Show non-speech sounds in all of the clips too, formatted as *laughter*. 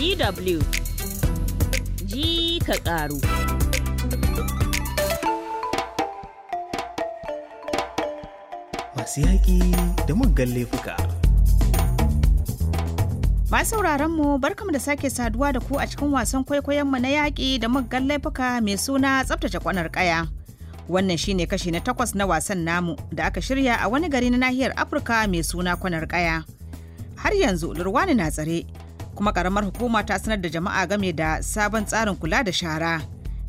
DW ji ka ƙaru. Masu yaƙi da muggan laifuka. Masu sauraron mu barkamu da sake saduwa da ku a cikin wasan kwaikwayonmu na yaƙi da muggan laifuka mai suna tsabtace kwanar ƙaya. Wannan shi ne kashi na takwas na wasan namu da aka shirya a wani gari na nahiyar Afirka mai suna kwanar ƙaya. Har yanzu Lurwani na tsare. kuma karamar hukuma ta sanar da jama'a game da sabon tsarin kula da shara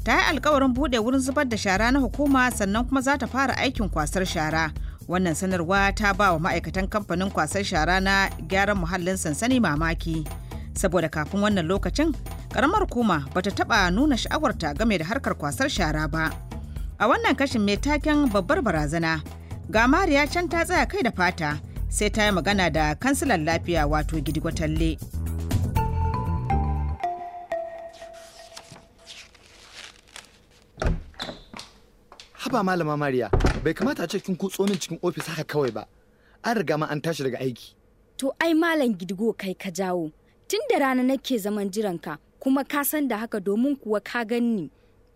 ta yi alkawarin bude wurin zubar da shara na hukuma sannan kuma za ta fara aikin kwasar shara wannan sanarwa ta ba wa ma'aikatan kamfanin kwasar shara na gyaran muhallin sansani mamaki saboda kafin wannan lokacin karamar hukuma bata taba nuna sha'awarta game da harkar kwasar shara ba a wannan kashin mai taken babbar barazana ga mariya can ta tsaya kai da fata sai ta yi magana da kansilan lafiya wato gidigwatalle. talle haba malama mariya bai kamata a ce kin kutso min cikin ofis haka kawai ba an riga ma an tashi daga aiki to ai malam gidigo kai ka jawo tun da rana nake zaman jiranka kuma ka san da haka domin kuwa ka ganni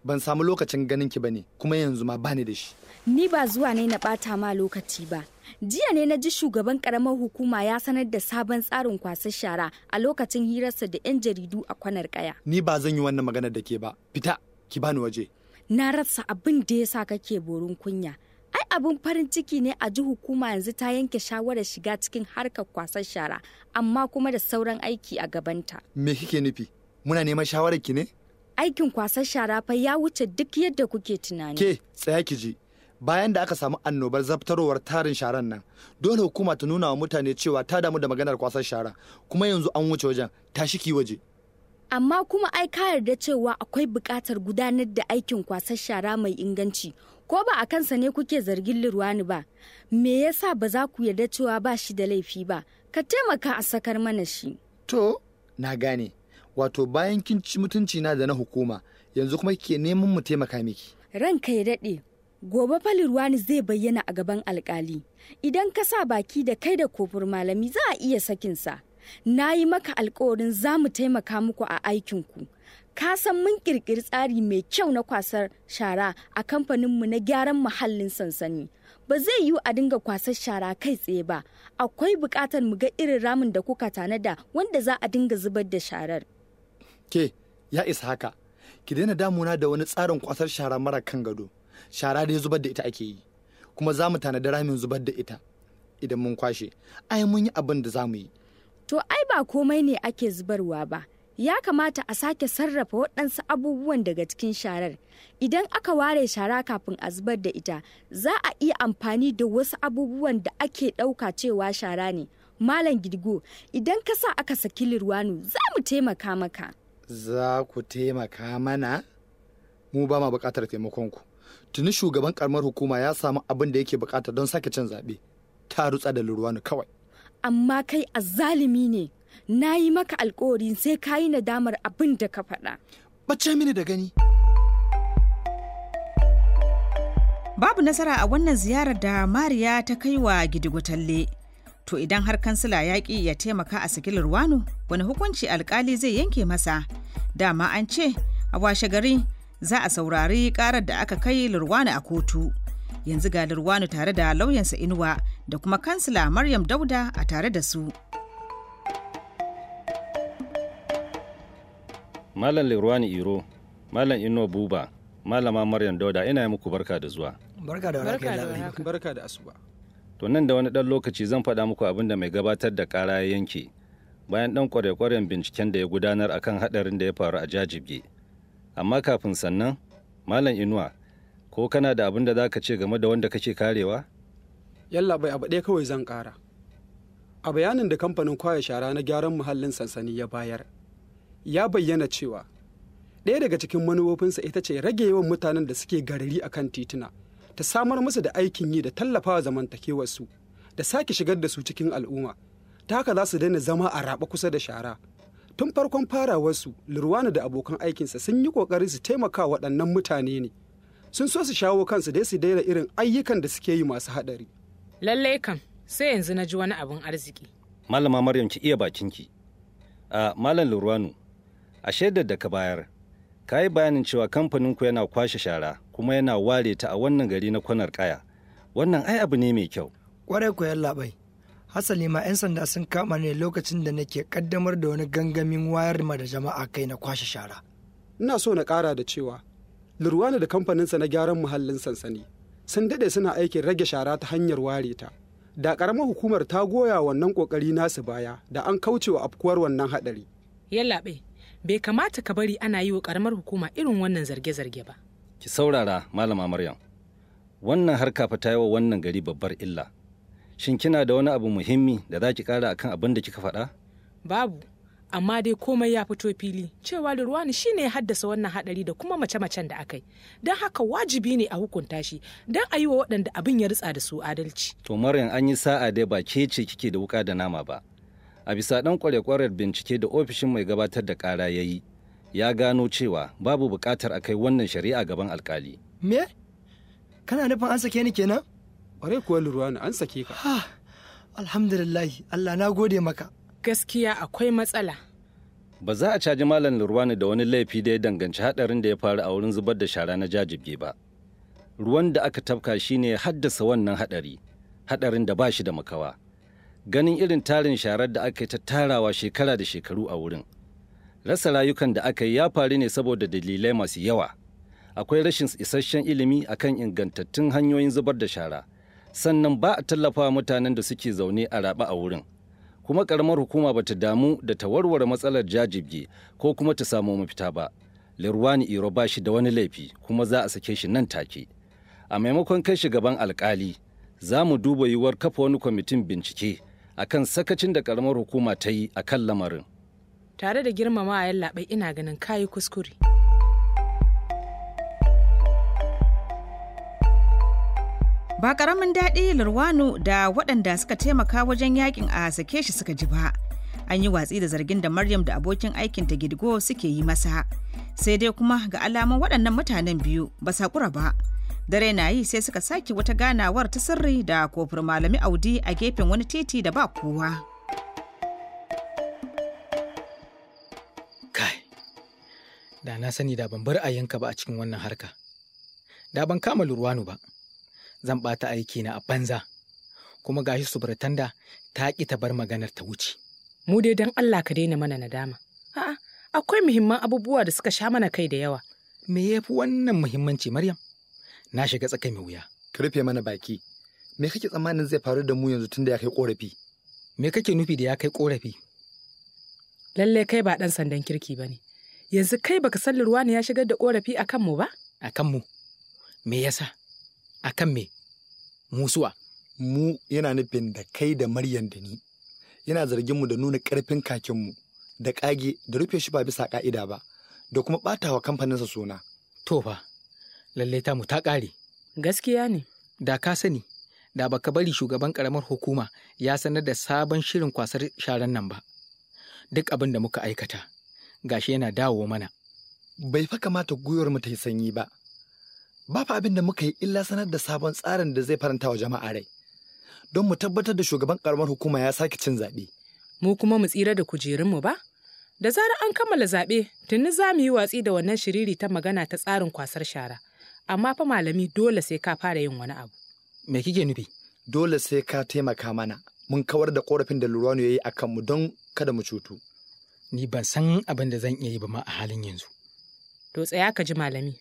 ban samu lokacin ganin ki bane kuma yanzu ma bani da shi ni ba zuwa ne na bata ma lokaci ba jiya ne na ji shugaban karamar hukuma ya sanar da sabon tsarin kwasar shara a lokacin hirarsa da 'yan jaridu a kwanar kaya ni ba zan yi wannan magana da ke ba fita ki bani waje na rasa abin da ya sa kake borin kunya ai abin farin ciki ne a ji hukuma yanzu ta yanke shawarar shiga cikin harkar kwasar shara amma kuma da sauran aiki a gabanta me kike nufi muna neman shawarar ki ne aikin kwasar shara fa ya wuce duk yadda kuke tunani ke tsaya ki ji bayan da aka samu annobar zabtarowar tarin sharan nan dole hukuma ta nuna wa mutane cewa ta damu da maganar kwasar shara kuma yanzu an wuce wajen tashi ki waje amma kuma ai ka yarda cewa akwai buƙatar gudanar da aikin kwasar shara mai inganci ko ba a kansa ne kuke zargin lirwani ba me yasa ba za ku yarda cewa ba shi da laifi ba ka taimaka a sakar mana shi to na gane wato bayan kin ci mutunci na da na hukuma yanzu kuma kike neman mu taimaka miki ranka ya daɗe gobe fa lirwani zai bayyana a gaban alkali idan ka sa baki da kai da kofur malami za a iya sakinsa na yi maka alkawarin za mu taimaka muku a aikinku. Ka san mun ƙirƙiri tsari mai kyau na kwasar shara a kamfaninmu na gyaran muhallin sansani. Ba zai yiwu a dinga kwasar shara kai tsaye ba, akwai buƙatar mu ga irin ramin da kuka tanada wanda za a dinga zubar da sharar. Ke, ya isa haka, ki daina damuna da wani tsarin kwasar shara mara kan gado. Shara dai zubar da ita ake yi, kuma za mu tanadi ramin zubar da ita. Idan mun kwashe, ai mun yi abin da za mu yi. to ai ba komai ne ake zubarwa ba ya kamata a sake sarrafa waɗansu abubuwan daga cikin sharar idan aka ware shara kafin a zubar da ita za a iya amfani da wasu abubuwan da ake ɗauka cewa shara ne malam gidgo idan ka sa aka saki lirwanu za mu taimaka maka za ku taimaka mana mu ba ma buƙatar taimakonku tuni shugaban karamar hukuma ya samu abin da yake buƙata don sake cin zaɓe ta rutsa da lirwanu kawai amma kai azzalimi ne na yi maka alkawari sai ka yi nadamar abin da ka faɗa. Bace mini da gani. Babu nasara a wannan ziyarar da Mariya ta kai wa Gidigo Talle. To idan har kansila ya ƙi ya taimaka a sigilar wano, wani hukunci alkali zai yanke masa. Dama an ce, a washe gari za a saurari karar da aka kai Lurwani a kotu. Yanzu ga Lurwani tare da lauyansa Inuwa da kuma kansila Maryam Dauda a tare da su. Malam Lirwani Iro, Malam Ino Buba, Malama Maryam Dauda ina yi muku barka da zuwa. Barka da Barka da asuba. To nan da wani dan lokaci zan faɗa muku abin da mai gabatar da ƙara ya yanke bayan ɗan kware-kwaren binciken da ya gudanar akan haɗarin da ya faru a jajibge. Amma kafin sannan, Malam Inuwa, ko kana da abin da za ka ce game da wanda kake karewa? yalla bai abu ɗaya kawai zan ƙara a bayanin da kamfanin kwaya shara na gyaran muhallin sansani ya bayar ya bayyana cewa ɗaya daga cikin manufofinsa ita ce rage yawan mutanen da suke garari a kan tituna ta samar musu da aikin yi da tallafawa zamantakewarsu da sake shigar da su cikin al'umma ta haka za su daina zama a raɓa kusa da shara tun farkon farawarsu lurwana da abokan aikinsa sun yi ƙoƙari su taimaka waɗannan mutane ne sun so su shawo kansu dai su daina irin ayyukan da suke yi masu haɗari Lallai kam sai yanzu na ji wani abin arziki. Malama Maryam ki iya bakinki. A Malam Lurwanu, a shaidar da ka bayar, ka yi bayanin cewa kamfanin ku yana kwashe shara kuma yana ware ta a wannan gari na kwanar kaya. Wannan ai abu ne mai kyau. Kwarai ku labai. Hasali ma 'yan sanda sun kama ne lokacin da nake kaddamar da wani gangamin wayar ma da jama'a kai na kwashe shara. Ina so na kara da cewa, Lurwanu da kamfaninsa na gyaran muhallin sansani sun daɗe suna aikin rage shara ta hanyar ware ta da ƙaramar hukumar ta goya wannan ƙoƙari nasu baya da an kaucewa afkuwar wannan haɗari. yallaɓe bai kamata ka bari ana yi wa ƙaramar hukuma irin wannan zarge-zarge ba. ki saurara malama maryam wannan harka fa ta yi wa wannan gari babbar illa shin kina da wani abu muhimmi da za ki ƙara akan abin da kika faɗa? babu amma dai komai ya fito fili cewa shi shine ya haddasa wannan hadari da kuma mace-macen da aka yi don haka wajibi ne a hukunta shi don a yi wa waɗanda abin ya ritsa da su adalci. To Maryam an yi sa'a dai ba ke ce kike da wuka da nama ba. A bisa ɗan kware-kwarar bincike da ofishin mai gabatar da ƙara ya yi ya gano cewa babu buƙatar a kai wannan shari'a gaban alkali. Me? Kana nufin an sake ni kenan? Ƙwarai kuwa Lurwani an sake ka. Alhamdulillah Allah na gode maka. gaskiya akwai matsala ba za a caji malam lurwani da wani laifi da ya danganci hadarin da ya faru a wurin zubar da shara na jajibge ba ruwan da aka tafka shi shine haddasa wannan hadari hadarin da ba shi da makawa ganin irin tarin sharar da aka yi ta tarawa shekara da shekaru a wurin rasa rayukan da aka yi ya faru ne saboda dalilai masu yawa akwai rashin isasshen ilimi akan ingantattun hanyoyin zubar da shara sannan ba a tallafawa mutanen da suke zaune a raba a wurin kuma karamar hukuma ba ta damu da ta warware matsalar jajibge ko kuma ta samu mafita ba lirwani iro ba shi da wani laifi kuma za a sake shi nan take a maimakon kai shi gaban alkali za mu duba yiwuwar kafa wani kwamitin bincike akan sakacin da karamar hukuma ta yi akan lamarin tare da girmama a yallaɓai ina ganin kayi kuskure ba karamin daɗi lurwano da waɗanda suka taimaka wajen yakin a sake shi suka ji ba an yi watsi da zargin da maryam da abokin aikin ta gidgo suke yi masa sai dai kuma ga alamun waɗannan mutanen biyu ba sakura ba dare na yi sai suka sake wata ganawar ta sirri da kofar malami audi a gefen wani titi da ba kowa kai da na sani da ban bar ayyanka ba a cikin wannan harka da ban kama lurwanu ba zan ɓata aiki na a banza kuma ga shi subratanda ta ƙi ta bar maganar ta wuce mu dai don Allah ka daina mana nadama a'a akwai muhimman abubuwa da suka sha mana kai da yawa me yafi wannan muhimmanci Maryam na shiga tsakai mai wuya ka rufe mana baki me kake tsammanin zai faru da mu yanzu tunda ya kai korafi me kake nufi da ya kai korafi lalle kai ba ɗan sandan kirki ba ne yanzu kai baka san ruwa ne ya shigar da korafi akan mu ba akan mu me yasa akan me musuwa mu yana nufin da kai da maryam da ni yana zargin mu da nuna karfin mu da kage da rufe shi ba bisa ka'ida ba da kuma batawa kamfaninsa suna to fa lallai ta mu ta kare gaskiya ne da ka sani da baka bari shugaban karamar hukuma ya sanar da sabon shirin kwasar sharan nan ba duk abin da muka aikata gashi yana dawo mana bai fa kamata gwiwar mu ta yi sanyi ba ba fa abin da muka yi illa sanar da sabon tsarin da zai faranta wa jama'a rai don mu tabbatar da shugaban karamar hukuma ya sake cin zaɓe. mu kuma mu tsira da kujerun mu ba da zarar an kammala zaɓe tuni za mu yi watsi da wannan shiriri ta magana ta tsarin kwasar shara amma fa malami dole sai ka fara yin wani abu me kike nufi dole sai ka taimaka mana mun kawar da korafin da Lurwano ya yi a kanmu don kada mu cutu ni ban san abin da zan iya yi ba ma a halin yanzu to tsaya ka ji malami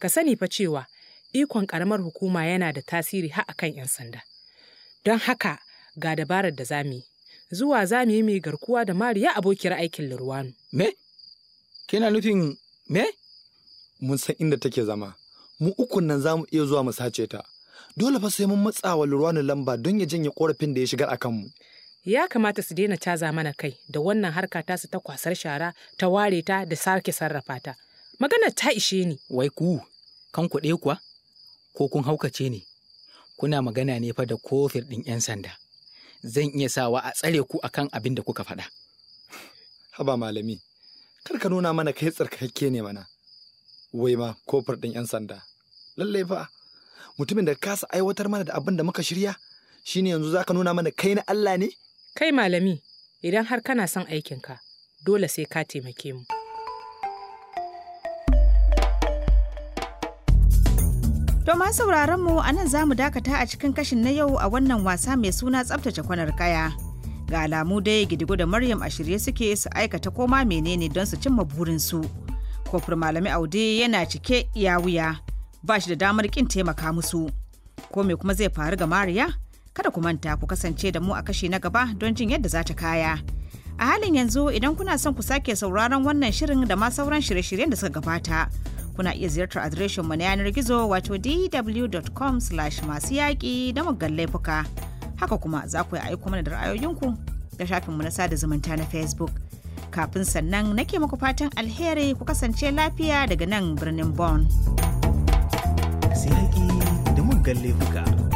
Ka sani fa cewa ikon karamar hukuma yana da tasiri har akan 'yan sanda. Don haka ga dabarar da zami Zuwa zamu yi mai garkuwa da Mariya abokiyar aikin Lurwanu. Me? Kina nufin me? Mun san inda take zama. Mu ukun nan za mu iya zuwa mu sace ta. Dole fa sai mun matsawa Lurwanu lamba don ya janye korafin da ya shigar a mu ya kamata su daina caza mana kai da wannan harka ta su ta kwasar shara ta ware ta da sake sarrafa ta Maganar ta ishe ni, wai ku, kan kuɗe kuwa? Ko kun haukace ne? Kuna magana ne fa da kofir ɗin 'yan sanda. Zan iya sawa a tsare ku akan abin da kuka faɗa. *laughs* Haba malami, kar ka nuna mana kai tsarkakakke ne mana. Wai ma kofar ɗin 'yan sanda. Lallai fa, mutumin da kasa aiwatar mana da abin da muka shirya, shine yanzu za ka nuna mana kai na Allah ne? Kai malami, idan har kana son aikinka, dole sai ka taimake mu. ma sauraron mu anan nan za mu dakata a cikin kashin na yau a wannan wasa mai suna tsabtace kwanar kaya. Ga alamu dai gidigo da Maryam a shirye suke su aikata koma menene don su cimma burin su Kofar Malami Aude yana cike ya wuya ba shi da damar kin taimaka musu. Ko me kuma zai faru ga Mariya? Kada ku manta ku kasance da mu a kashi na gaba don jin yadda za ta kaya. A halin yanzu idan kuna son ku sake sauraron wannan shirin da ma sauran shirye-shiryen da suka gabata. kuna iya ziyartar adireshin mu na yanar gizo wato dw.com masu yaƙi da muggan laifuka haka kuma za ku yi aiko mana da ra'ayoyinku da shafinmu na sada zumunta na facebook kafin sannan nake muku fatan alheri ku kasance lafiya daga nan birnin Bon. Sai da muggan laifuka.